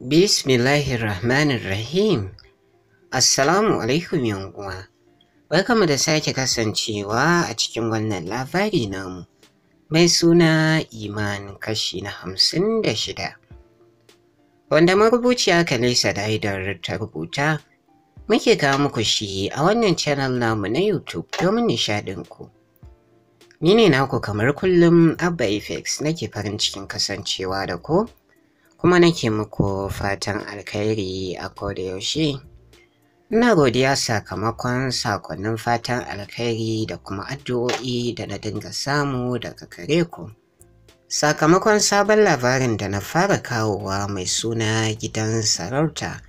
Bismillahirrahmanirrahim. Assalamu alaikum yankuwa. Barkamu da sake kasancewa a cikin wannan labari namu. Mai suna Iman kashi na hamsin da shida. Wanda marubuci marubuciya da Daidar ta rubuta, muke kawo muku shi a wannan channel namu na YouTube domin nishaɗinku. ku. Ni ne naku kamar kullum Abba Effects nake farin cikin kasancewa da ku kuma nake muku fatan alkhairi a yaushe. Ina godiya sakamakon sakonnin fatan alkhairi da kuma addu'o'i da na dinga samu daga kare ku. Sakamakon sabon labarin da na fara kawowa mai suna gidan sarauta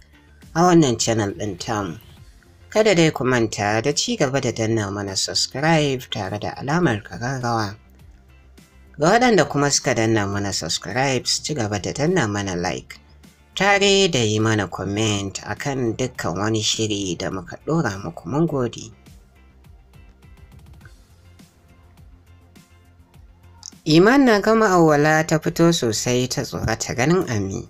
a wannan channel ɗin tamu. Kada dai ku manta da ci gaba da danna mana subscribe tare da alamar kararrawa. Ga waɗanda kuma suka danna mana subscribe su ci gaba da danna mana like. Tare da yi mana comment akan dukkan wani shiri da muka ɗora muku mun gode. Iman na gama awwala ta fito sosai ta tsorata ganin Ami.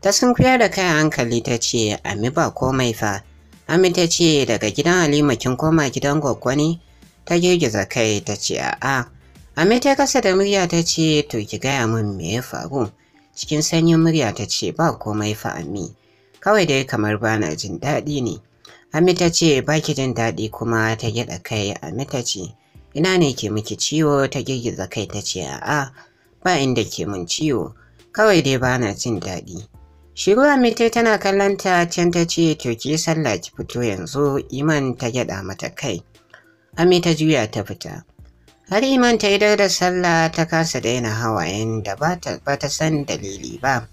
Ta sunkuya da kai hankali ta ce, Ami ba komai fa. Ami ta ce, daga gidan Halima kin koma gidan gwaggwani? Ta girgiza kai ta ce, a'a. Amit ta kasa da murya ta ce to ki gaya min me ya faru. Cikin sanyin murya ta ce ba komai fa Kawai dai kamar bana jin daɗi ne. Ami ta ce ba ki jin daɗi kuma ta gyaɗa kai Ami ta ce ina ne ke miki ciwo ta girgiza kai ta ce a'a ba inda ke mun ciwo kawai dai bana jin daɗi. Shiru Amite tana kallon ta can ta ce to ki sallah ki fito yanzu Iman ta gyaɗa mata kai. Ami ta juya ta fita. Har iman ta idar da sallah ta kasa daina hawayen da ba ta san dalili ba.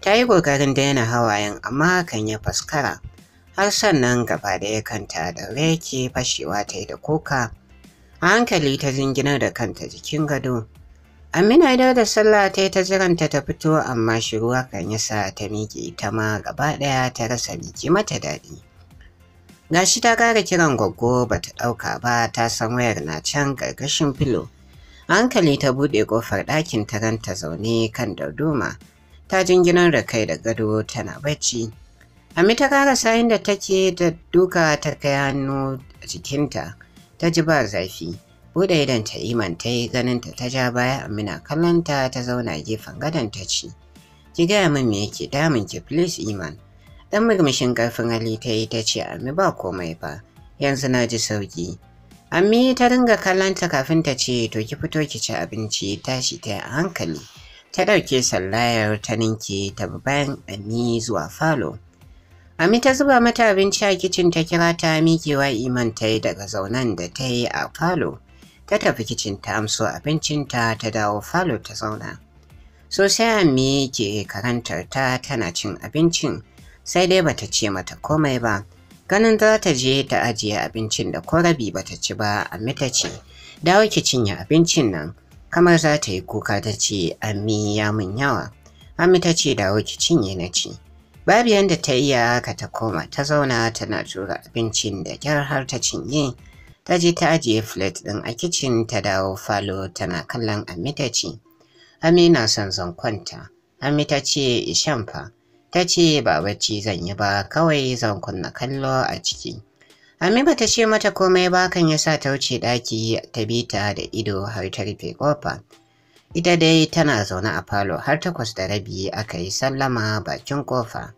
Ta yi ƙoƙarin daina hawayen amma kan ya faskara. Har sannan gaba da ya kanta da yake fashewa ta yi da koka. A hankali ta zinginar da kanta jikin gado. Amina idar da sallah ta yi ta jiranta ta fito amma shiruwa kan ya sa ta miƙe ita ma gaba ɗaya ta rasa miƙe mata daɗi. Gashi ta ƙara kiran gwaggo ba ta ɗauka ba ta san wayar na can ƙarƙashin filo. hankali ta buɗe ƙofar ɗakin ta ranta zaune kan darduma. Ta jinginar da kai da gado tana bacci. Ami ta ƙara sayin da take da duka ta kai hannu a jikinta. Ta ji ba zafi. Buɗe idan ta imanta yi ganinta ta ja baya Amina kallonta ta zauna gefen gadon ta ci. Ki gaya min me yake damun ki please Iman. Dan murmushin ƙarfin hali ta yi ta ce Ami ba komai ba, yanzu na ji sauki Ami ta dinga ta kafin ta ce to ki fito ki ci abinci tashi ta a hankali. Ta ɗauke sallayar ta ninke ta bayan Ami zuwa falo. Ami ta zuba mata abinci a kicin ta kira ta miƙewa iman ta yi daga zaunan da ta yi a falo. Ta tafi kicin ta amso abincin ta ta dawo falo ta zauna. Sosai Ami ke karantar ta tana cin abincin. sai dai bata ce mata komai ba. Ganin za ta je ta ajiye abincin da ko rabi bata ci ba, amma ta ce, dawo ki cinye abincin nan. Kamar za ta yi kuka ta ce, Ammi ya mun yawa. Amma ta ce dawo ki cinye na ci. Babu yanda ta iya haka ta koma ta zauna tana tura abincin da kyar har ta cinye. Ta je ta ajiye filet ɗin a kicin ta dawo falo tana kallon amma ta ce, Amina na son zan kwanta. amma ta ce, Ishan fa, ta ce ba bacci zan yi ba kawai zan kunna kallo a ciki. ba ta ce mata komai ba kan ya sa ta wuce ɗaki ta bi ta da ido har ta rufe ƙofa. Ita dai tana zaune a falo har takwas da rabi aka yi sallama bakin ƙofa.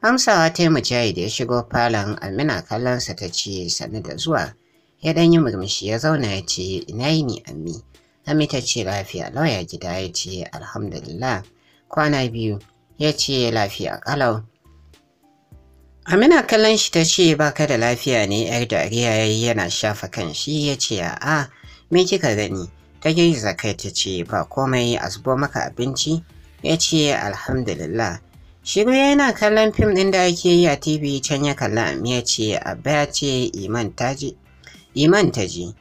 Amsawa ta yi mujayi da ya shigo falon Amina kallonsa ta ce sannu da zuwa. Ya ɗan yi murmushi ya zauna ya ce ina yi ni Ami. Ami ta ce lafiya lauya gida ya ce alhamdulillah kwana biyu. ya ce lafiya kalau Amina kallon shi ta ce baka da lafiya ne yar dariya ya yi yana shafa kan shi ya ce a, a'a me kika gani ta yi kai ta ce ba komai a zubo maka abinci ya ce alhamdulillah Shiru yana kallon fim ɗin da ake yi a TV can ya kalla Ami ya ce Abba ya ce Iman ta ji. Iman ta ji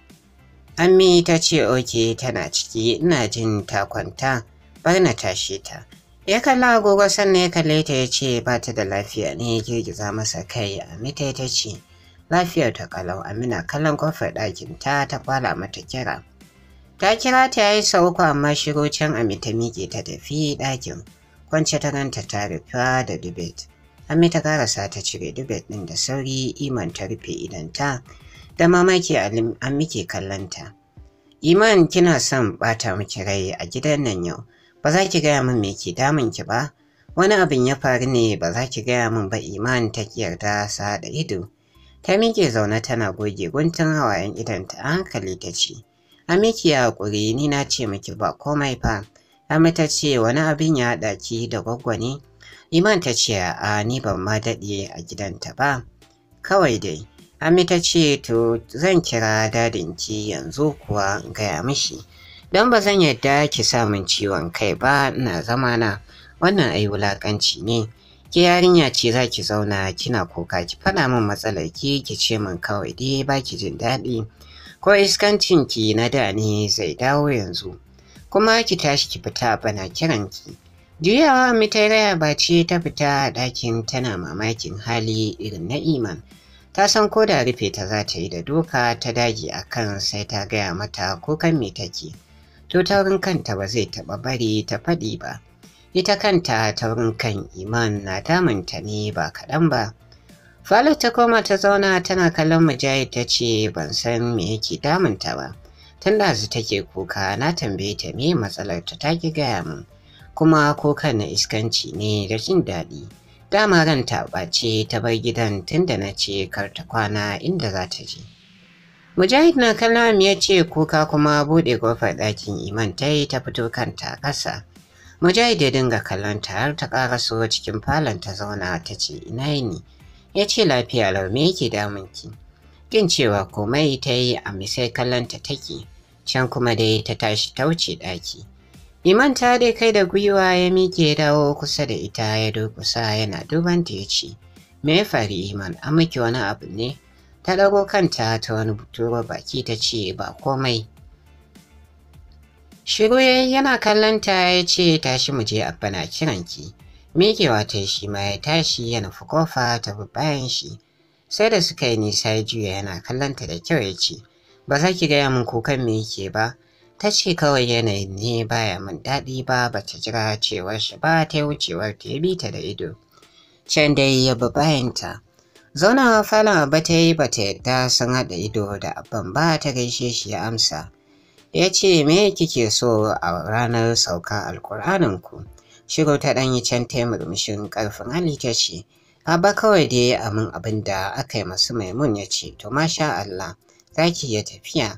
ammi ta ce oke tana ciki ina jin ta kwanta bar na tashe ta. ya kalla agogo sannan ya kalle ta ya ce ba ta da lafiya ne ya girgiza masa kai a mita ta ce lafiyar ta kalau amina kallon kofar ɗakin ta ta kwala mata kira ta kira ta yi sauko, amma shiro can amita miƙe ta tafi ɗakin kwance ta ranta ta rufa da dubet amita karasa ta cire dubet ɗin da sauri iman ta rufe idan ta da mamaki an muke kallon ta iman kina son ɓata miki rai a gidan nan yau ba za ki gaya min me ke damun ki ba wani abin ya faru ne ba za ki gaya min ba iman ta yarda sa da ido ta miƙe zaune tana goge guntun hawayen idanta a hankali ta ce a miki ya haƙuri ni na ce miki ba komai fa amma ta ce wani abin ya haɗa ki da gwaggwa iman ta ce a ni ban ma daɗe a gidanta ba kawai dai Ami ta ce to zan kira dadinki yanzu kuwa gaya mishi. don ba zan yadda ki samun ciwon kai ba na zama na wannan ai wulakanci ne ke yarinya ce za ki zauna kina kuka ki faɗa min matsalar ki ki ce min kawai dai ba ki jin daɗi ko iskancin ki na da ne zai dawo yanzu kuma ki tashi ki fita bana kiran ki juyawa mitaraya ba ce ta fita ɗakin tana mamakin hali irin na iman ta san ko da rufe ta za ta yi da doka ta dage a kan sai ta gaya mata ko kukan me take. to taurin kanta ba zai taɓa bari ta faɗi ba. Ita kanta taurin kan iman na damunta ne ba kaɗan ba. Falu ta koma ta zauna tana kallon mujayi ta ce ban san me yake damunta ba. Tun da su take kuka na tambaye ta me matsalar ta take gaya min. Kuma kukan na iskanci ne da jin daɗi. Dama ranta ɓace ta bar gidan tun da na ce kar ta kwana inda za ta je. Mujahid na kalam ya ce kuka kuma buɗe kofar ɗakin iman ta yi ta fito kanta ƙasa. Mujahid ya dinga kallonta har ta ƙaraso cikin falon ta zauna ta ce ina ne?" Ya ce lafiya lau me yake damunki? Kin cewa komai ta yi a misai kallonta take, can kuma dai ta tashi ta wuce ɗaki. Iman ta dai kai da gwiwa ya miƙe dawo kusa da ita ya durƙusa yana dubanta ya ce, Me ya faru Iman, an miki wani abu ne? ta dago kanta ta wani turo baki ta ce ba komai shiru yana kallon ta ya ce tashi mu je abba na kiranki miƙewa ta shi ma ya tashi ya nufi kofa ta bi bayan shi sai da suka yi nisa ya juya yana kallon ta da kyau ya ce ba za ki gaya min kukan me yake ba ta ce kawai yanayin ne baya min daɗi ba ba ta jira cewar shi ba ta wucewar ta yi bi ta da ido can dai ya bi bayanta Zaunawa falon abba ta yi bata yadda sun haɗa ido da abban ba ta gaishe shi ya amsa. Ya ce me kike so a ranar sauka alkur'anin ku? Shigo ta ɗan yi can ta murmushin ƙarfin hali ta ce, Abba kawai da dai amin abin da aka yi masu maimun ya ce, to masha Allah, za ki iya tafiya.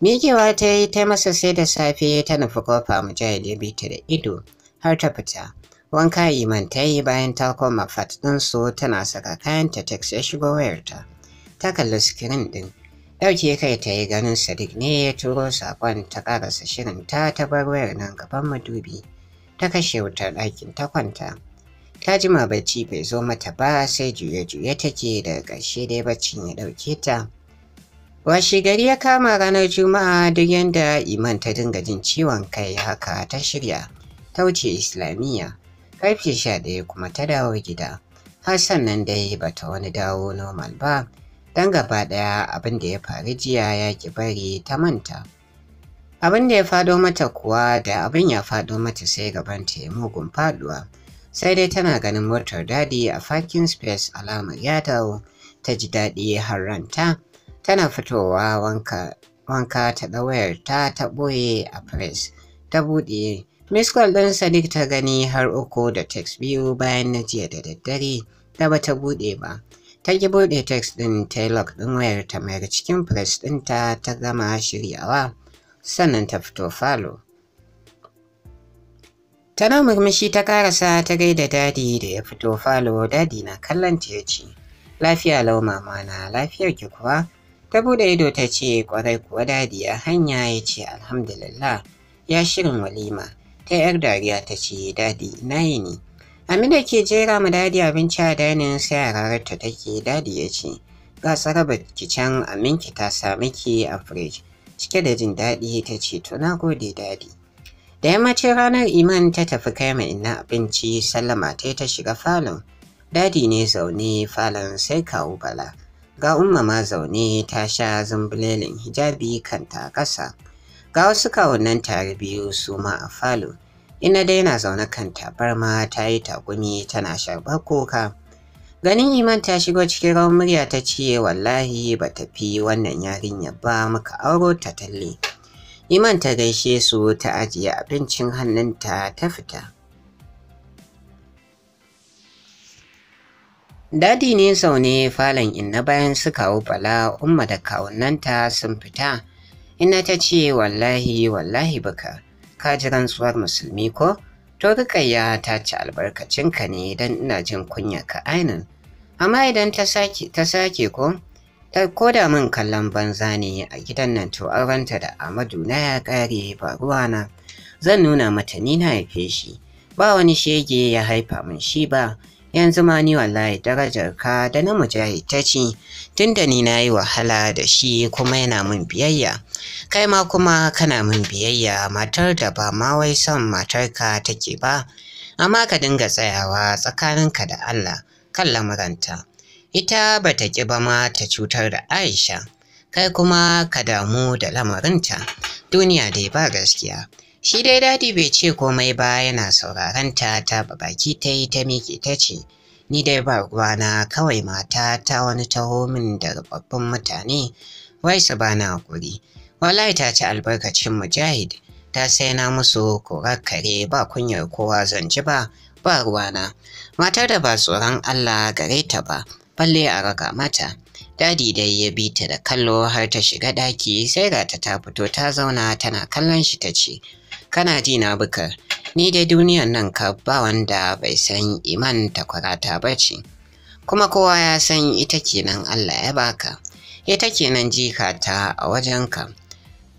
Miƙewa ta yi ta masa sai da safe ta nufi kofa mujahid ya bi ta da ido har ta fita. Wanka Iman ta yi bayan ta koma fat ɗinsu tana saka kayanta text ya shigo wayarta. Ta kalli sikirin ɗin. Ɗauke kai ta yi ganin Sadiq ne ya turo saƙon ta ƙarasa shirin ta ta bar wayar nan gaban madubi. Ta kashe wutar ɗakin ta kwanta. Ta jima bacci bai zo mata ba sai juye-juye take da ƙarshe dai baccin ya ɗauke ta. Washi gari ya kama ranar Juma'a duk yadda Iman ta dinga jin ciwon kai haka ta shirya. Ta wuce Islamiyya. Karfe sha ɗaya kuma ta dawo gida. Har sannan dai ba ta wani dawo normal ba, don gaba ɗaya abin da ya faru jiya ya ki bari ta manta. Abin da ya faɗo mata kuwa da abin ya faɗo mata sai gabanta ya mugun faɗuwa. Sai dai tana ganin motar daɗi a fakin space alamar ya dawo, ta ji daɗi har ranta. Tana fitowa wanka ta ɗawayar ta ta ɓoye a press ta buɗe Miskol ɗin Sadiq ta gani har uku da text biyu bayan na jiya da daddare da bata buɗe ba. Ta ki buɗe text ɗin Taylor ɗin wayar ta mayar cikin press ɗin ta gama shiryawa sannan ta fito falo. Tana murmushi ta karasa ta gaida dadi da ya fito falo dadi na kallon ta Lafiya lau mama na lafiyar ki kuwa? Ta buɗe ido ta ce ƙwarai kuwa dadi a hanya ya ce alhamdulillah ya shirin walima. ta yar dariya ta ce dadi na yi ne amina ke jera ma dadi abinci a dainin sai ta take dadi ya ce ga saraba ki can aminki ta sami ki a fridge cike da jin dadi ta ce to na gode dadi da yammacin ranar iman ta tafi kai ma ina abinci sallama ta ta shiga falon dadi ne zaune falon sai kawo bala ga umma ma zaune ta sha zumbulelin hijabi kanta ƙasa. Ga wasu kawunan tare biyu su ma a falo. Ina dai na zaune kan tabarma ta yi takumi tana sharɓar koka. Ganin Iman ta shigo cikin rawar murya ta ce wallahi ba ta fi wannan yarinya ba muka auro ta talle. Iman ta gaishe su ta ajiye abincin hannunta ta fita. Dadi ne sau ne falon inna bayan su kawo bala umma da kawunanta sun fita Ina ta ce wallahi wallahi baka, ka ji rantsuwar musulmi ko? To rikayya ta ci albarkacinka ne don ina jin kunya ka ainin. Amma idan ta sake ta ko? Ta koda min kallon banza ne a gidan nan to ta da Amadu na ya kare ba ruwana. Zan nuna mata nina na haife shi. Ba wani shege ya haifa min shi ba, yanzu ma ni wallahi darajar ka da na mujahid ta ce tunda ni na yi wahala da shi kuma yana min biyayya kai ma kuma kana min biyayya matar da ba ma wai son matarka take ba amma ka dinga tsayawa tsakaninka da Allah kan lamuranta ita ba ta ƙi ba ma ta cutar da Aisha kai kuma ka damu da lamarinta duniya dai ba gaskiya Shi dai dadi bai ce komai ba yana sauraron ta ta baki ta yi ta miƙe ta ce, Ni dai ba ruwana kawai mata ta wani taho min da babban mutane, wai su ba na hakuri. Wallahi ta ci albarkacin mujahid, ta sai na musu korar kare ba kunyar kowa zan ji ba, ba ruwana. Matar da ba tsoron Allah gare ta ba, balle a raga mata. Dadi dai ya bi ta da kallo har ta shiga daki, sai ga ta ta fito ta zauna tana kallon shi ta ce, kana ji na bukar ni dai duniyan nan ka ba wanda bai san iman takwarata ba ce kuma kowa ya san ita kenan Allah ya baka ita kenan jika ta a wajenka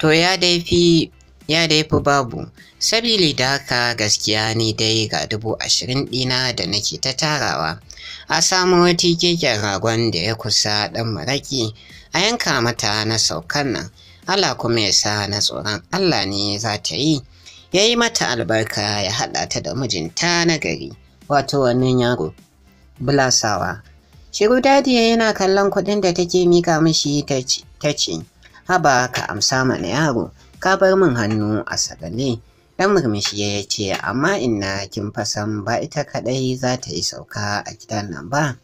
to ya dai fi ya dai fi babu sabili da haka gaskiya ni dai ga dubu ashirin dina da nake ta tarawa a samo tikikin ragon da ya kusa ɗan maraƙi a yanka mata na saukan nan Allah kuma ya sa na tsoron Allah ne za ta yi ya yi mata albarka ya haɗa ta da mijinta na gari wato wannan yaro bulasawa shiru dadi yana kallon kuɗin da take mika mishi ta ce haba ka amsa mana yaro ka bar min hannu a sagale dan murmushi ya ce amma inna kin fasan ba ita kaɗai za ta yi sauka a gidan nan ba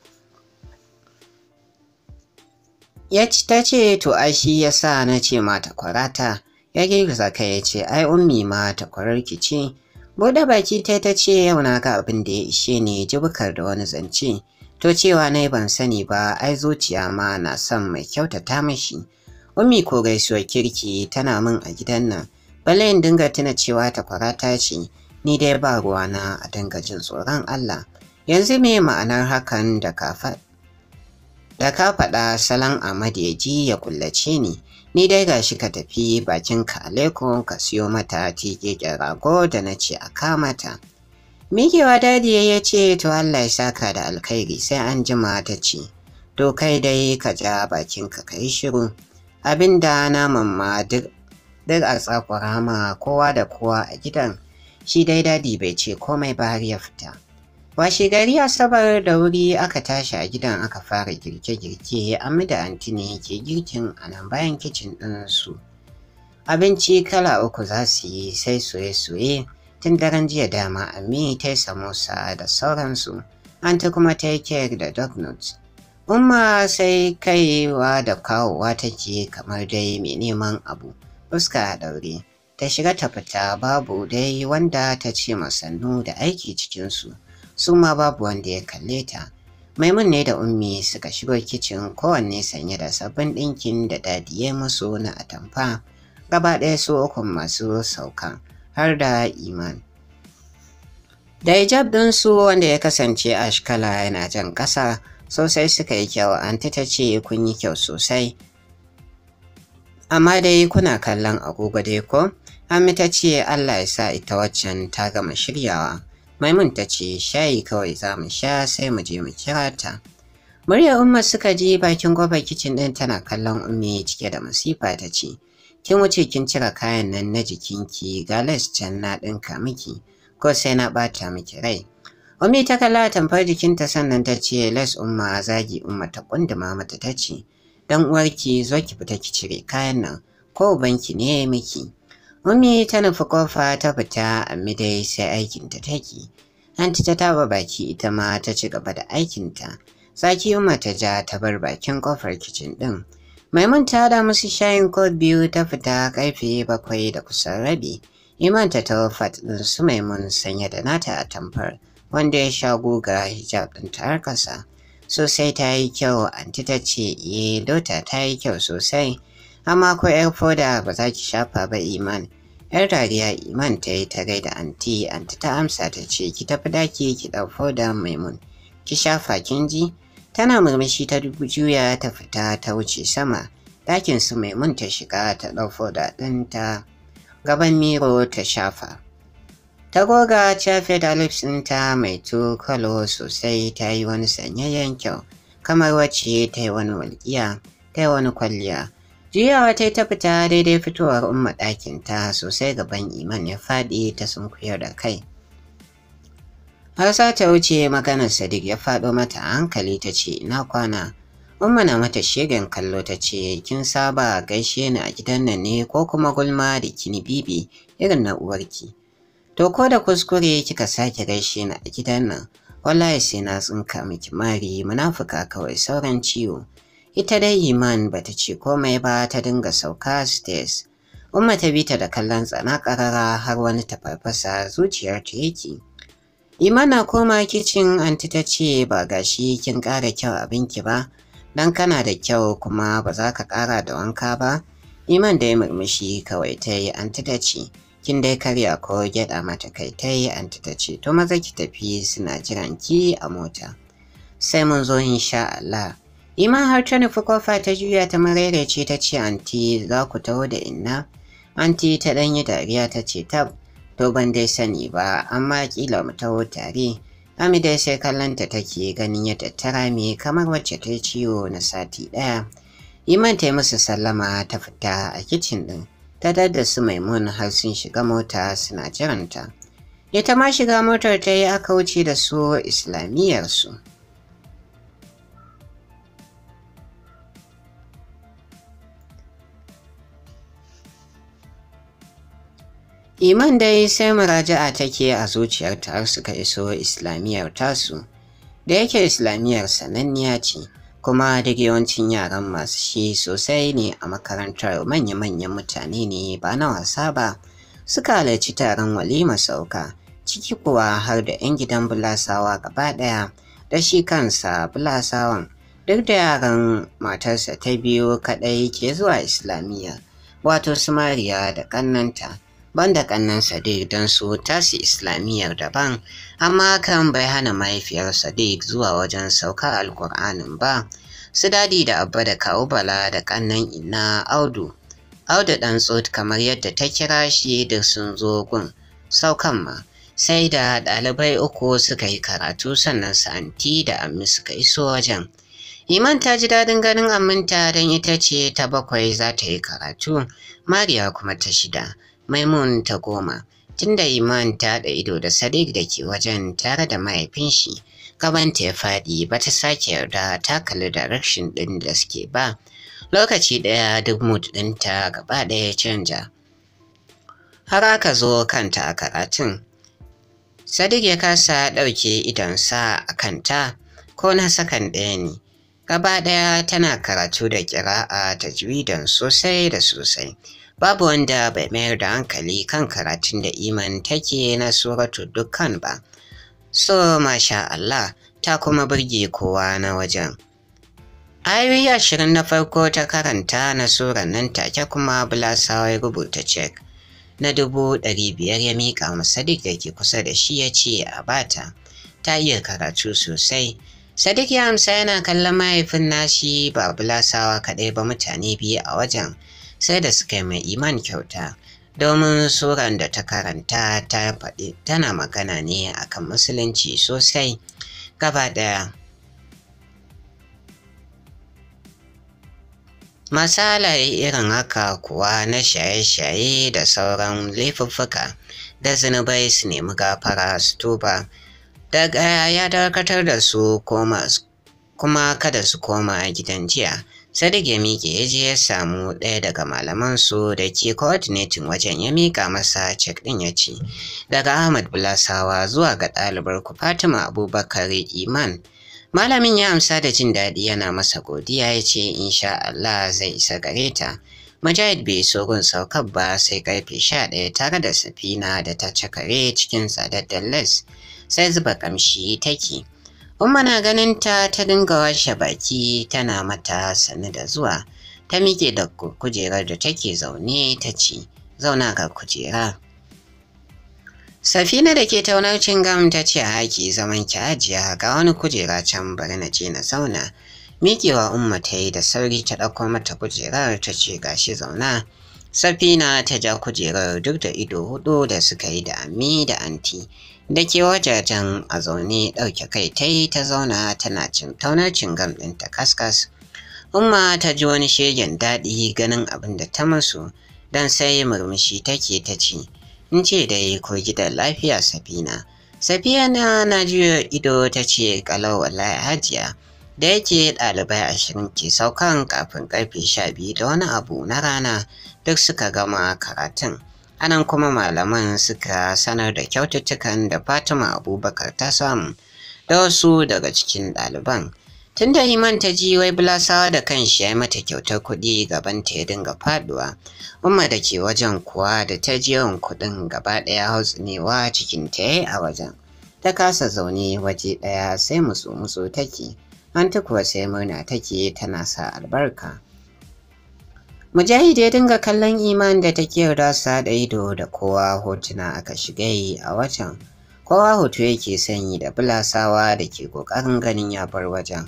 ya ci ta ce to ai shi ya sa na ce mata kwarata ya girgiza kai ya ce ai ummi ma ta ki ce buɗe baki ta ta ce yau na ga abin da ya ishe ni jibukar da wani zance to cewa na ban sani ba ai zuciya ma na son mai kyautata mashi ummi ko gaisuwar kirki tana min a gidan nan balle in dinga tuna cewa takwara ta ce ni dai ba ruwa na a dinga jin tsoron Allah yanzu me ma'anar hakan da ka faɗa salon Ahmad ya ji ya kullace ni Ni dai gashi ka tafi bakin kaleko ka siyo mata tiƙeƙen rago da na ce a kamata. Mikewa dadi ya ce to Allah ya saka da alkhairi sai an jima ta ce, to kai dai ka ja bakin ka kai shiru. Abin da naman ma duk a tsakura ma kowa da kowa a gidan, shi dai dadi bai ce komai ba har ya fita. Washe gari Asabar da wuri aka tashi a gidan aka fara girke-girke amma da ne ke girkin a nan bayan kicin ɗinsu. Abinci kala uku za su yi sai soye-soye tun daren jiya dama Ami ta yi samosa da sauransu, an ta kuma ta yi kek da dog nuts. Umma sai kaiwa da kawowa take kamar dai mai neman abu, fuska a ɗaure, ta shiga ta fita babu dai wanda ta ce masannu da aiki cikinsu. su ma babu wanda ya kalle ta. Maimun ne da Ummi suka shigo kicin kowanne sanye da sabbin ɗinkin da dadi ya musu na atamfa. Gaba ɗaya su uku masu sauka har da iman. Da hijab su wanda ya kasance ashkala yana jan ƙasa sosai suka yi kyau an ta ce kun yi kyau sosai. Amma dai kuna kallon agogo dai ko? Ami ta ce Allah ya sa ita waccan ta gama shiryawa. Maimun ta ce shayi kawai za mu sha sai mu je mu kira ta. Murya Umma suka je bakin gobar kicin ɗin tana kallon Ummi cike da masifa ta ce, Kin wuce kin cire kayan nan na jikinki ga les can na ɗinka miki ko sai na ɓata miki rai. Ummi ta kalla tamfar jikinta sannan ta ce les Umma zagi Umma ta ƙunduma mata ta ce, Dan uwarki zo ki fita ki cire kayan nan ko ubanki ne miki. Ummi ta nufi kofa ta fita amma dai sai aikinta take. Anti ta taba baki ita ma ta ci gaba da aikinta. Saki Umma ta ja ta bar bakin kofar kicin ɗin. Maimun ta da musu shayin ko biyu ta fita karfe bakwai da kusan rabi. Iman ta ta fat din su Maimun sanya da nata a tamfar wanda ya sha guga hijab din ta harkasa. Sosai ta yi kyau, anti ta ce, "Ye, eh, dota ta yi kyau sosai." amma ko yar foda ba za ki shafa ba iman yar dariya iman ta yi ta gaida anti anti ta amsa ta ce ki tafi daki ki ɗau foda maimun ki shafa kin ji tana murmushi ta juya ta fita ta wuce sama ɗakin su maimun ta shiga ta ɗau foda ta gaban miro ta shafa ta goga shafe da lips ta mai tukalo sosai ta yi wani sanyayyen kyau kamar wacce ta yi wani walƙiya ta yi wani kwalliya Juyawa ta yi ta daidai fitowar umma ɗakinta sosai gaban iman ya faɗi ta sunkuyar da kai. Har sa ta wuce maganar Sadiq ya faɗo mata a hankali ta ce ina kwana. Umma na mata shegen kallo ta ce kin saba gaishe ni a gidan nan ne ko kuma gulma da kini bibi irin na uwarki. To ko da kuskure kika sake gaishe ni a gidan nan wallahi sai na tsinka miki mari munafuka kawai sauran ciwo. Ita dai Iman bata ce komai ba ta dinga sauka stairs. Umma ta bi ta da kallon tsana karara har wani tafarfasa zuciyar ta yake. Iman na koma kicin anti ta ce ba gashi kin ƙara kyau abinki ba, dan kana da kyau kuma ba za ka ƙara da wanka ba. Iman dai murmushi kawai ta yi anti ta ce, kin dai karya ko gyaɗa mata kai ta yi anti ta ce, to maza ki tafi suna jiran ki a mota. Sai mun zo insha Allah. Iman har ta nufi kofa ta juya ta marerece ta ce anti za ku taho da inna. Anti ta ɗan yi dariya ta ce tab to ban dai sani ba amma kila mu taho tare. Ami dai sai kallonta take ganin yadda ta rame kamar wacce ta yi ciwo na sati ɗaya. Iman ta yi musu sallama ta fita a kicin ɗin. Ta dada su maimun har sun shiga mota suna jiranta. Ita ma shiga motar ta yi aka wuce da su islamiyyarsu. iman dai sai muraja'a take a zuciyarta har suka iso islamiyyar tasu da yake islamiyyar sananniya ce kuma da yawancin yaran masu shi sosai ne a makarantar manya-manyan mutane ne ba na wasa ba suka halarci taron walima sauka ciki kuwa har da 'yan gidan bulasawa gaba ɗaya da shi kansa bulasawan duk da yaran matarsa ta biyu kaɗai ke zuwa islamiyya wato sumariya da ƙannanta banda kannan Sadiq don su tasi islamiyyar daban amma kan bai hana mahaifiyar Sadiq zuwa wajen sauka alkur'anin ba su dadi da abba da kawo bala da kannan ina audu audu dan tsot kamar yadda ta kira shi da sun zo gun saukan ma sai da ɗalibai uku suka yi karatu sannan santi da ammi suka iso wajen Iman ta ji daɗin ganin aminta don ita ce ta bakwai za ta yi karatu, Mariya kuma ta shida. Maimun ta goma. Tunda Iman ta da ido da Sadiq da ke wajen tare da mahaifin shi, gabanta ya faɗi ba ta sake yarda ta kalli direction ɗin da suke ba. Lokaci ɗaya duk mood ta gaba ɗaya canja. Har aka zo kanta a karatun. Sadiq ya kasa ɗauke idonsa a kanta ko na sakan ɗaya ne. Gaba ɗaya tana karatu da ƙira'a tajwidan sosai da sosai. babu wanda bai mayar da hankali kan karatun da iman take na suratu dukkan ba so masha Allah ta kuma burge kowa na wajen ayoyi ashirin na farko ta karanta na suran nan take kuma bulasawai rubuta cek na dubu ɗari biyar ya miƙa wa sadiq da ke kusa da shi ya ce a bata ta iya karatu sosai sadiq ya amsa yana kallon mahaifin nashi ba bulasawa kaɗai ba mutane biyu a wajen sai da suka yi mai iman kyauta domin suran da ta karanta ta faɗi tana magana ne akan musulunci sosai gaba ɗaya Masalaye irin haka kuwa na shaye-shaye da sauran laifuffuka da zinubai su nemi gafara su tuba. Daga ya dakatar da su kuma kada su koma gidan jiya Sadiq ya miƙe ya je ya samu ɗaya daga malaman su da ke coordinating wajen ya mika masa cek ɗin ya ce, daga Ahmad Bulasawa zuwa ga ɗalibar ku Fatima Abubakar Iman. Malamin ya amsa da jin daɗi yana masa godiya ya ce insha Allah zai isa gare ta. majahid bai so gun saukar ba sai karfe sha ɗaya tare da safina da ta cakare cikin tsadar les sai zuba ƙamshi take. Umma na ganin ta ta dinga washe baki tana mata sannu da zuwa. Ta miƙe da kujerar da take zaune ta ce, zauna ga kujera. Safina da ke taunar gam ta ce a haƙi zaman ki ajiya ga wani kujera can bari na je na zauna. Miƙewa Umma ta yi da sauri ta ɗauko mata kujerar ta ce shi zauna. Safina ta ja kujerar duk da ido hudu da suka yi da ammi da anti da ke wajajen a zaune ɗauke kai ta yi ta zauna tana cin taunar cingam ɗinta kaskas. Umma ta ji wani shegen daɗi ganin abin da ta musu don sai murmushi take ta ce, In ce dai ko gidan lafiya Safina. Safina na jiyo ido ta ce kalau wallahi hajiya. da yake ɗalibai ashirin ke saukan kafin karfe sha biyu da wani abu na rana duk suka gama karatun anan kuma malaman suka sanar da kyaututtukan da fatima abubakar ta samu da wasu daga cikin ɗaliban tun da himan ta ji wai bulasawa da kanshi ya yi mata kyautar kuɗi gaban ta ya dinga faduwa, umma da ke wajen kuwa da ta ji yawan kuɗin gaba ɗaya hautsinewa cikin ta a wajen ta kasa zaune waje ɗaya sai musu musu take Anta kuwa sai murna take tana sa albarka. Mujahid ya dinga kallon iman da take rasa da ido da kowa hotuna aka shiga yi a watan. Kowa hoto yake sanyi da bulasawa da ke ƙoƙarin ganin ya bar wajen.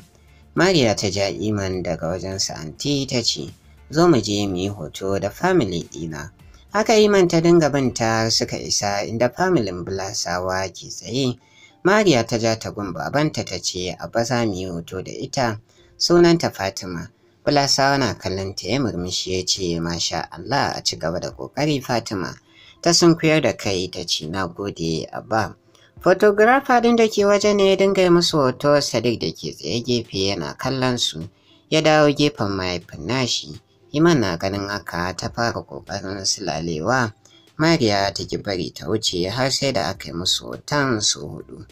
Mariya ta ja iman daga wajen anti ta ce, Zo mu je mu yi hoto da family ɗina. Haka iman ta dinga binta suka isa inda familin bulasawa ke tsaye. Mariya ta ja ta gun babanta ta ce abba za mu yi hoto da ita sunanta Fatima. Bulasawa na kallon ta ya murmushi ya ce masha Allah a ci gaba da kokari Fatima. Ta sunkuyar da kai ta ce na gode abba. Photographer din da ke waje ne ya dinga musu hoto Sadiq da ke tsaye gefe yana kallon su. Ya dawo gefen mahaifin nashi. Iman na ganin aka ta fara kokarin sulalewa. Mariya ta ki bari ta wuce har sai da aka yi musu tan su hudu.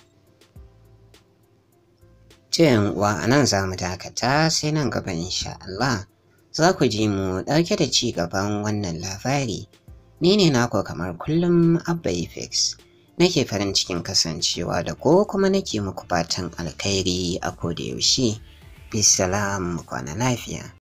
Cin uwa anan nan za mu dakata sai nan gaba insha Allah za ku ji mu ɗauke da ci gaban wannan labari. Ni ne nako kamar kullum Abba Nake farin cikin kasancewa da ko kuma nake muku fatan alkhairi a koda yaushe. Bisalam kwana lafiya.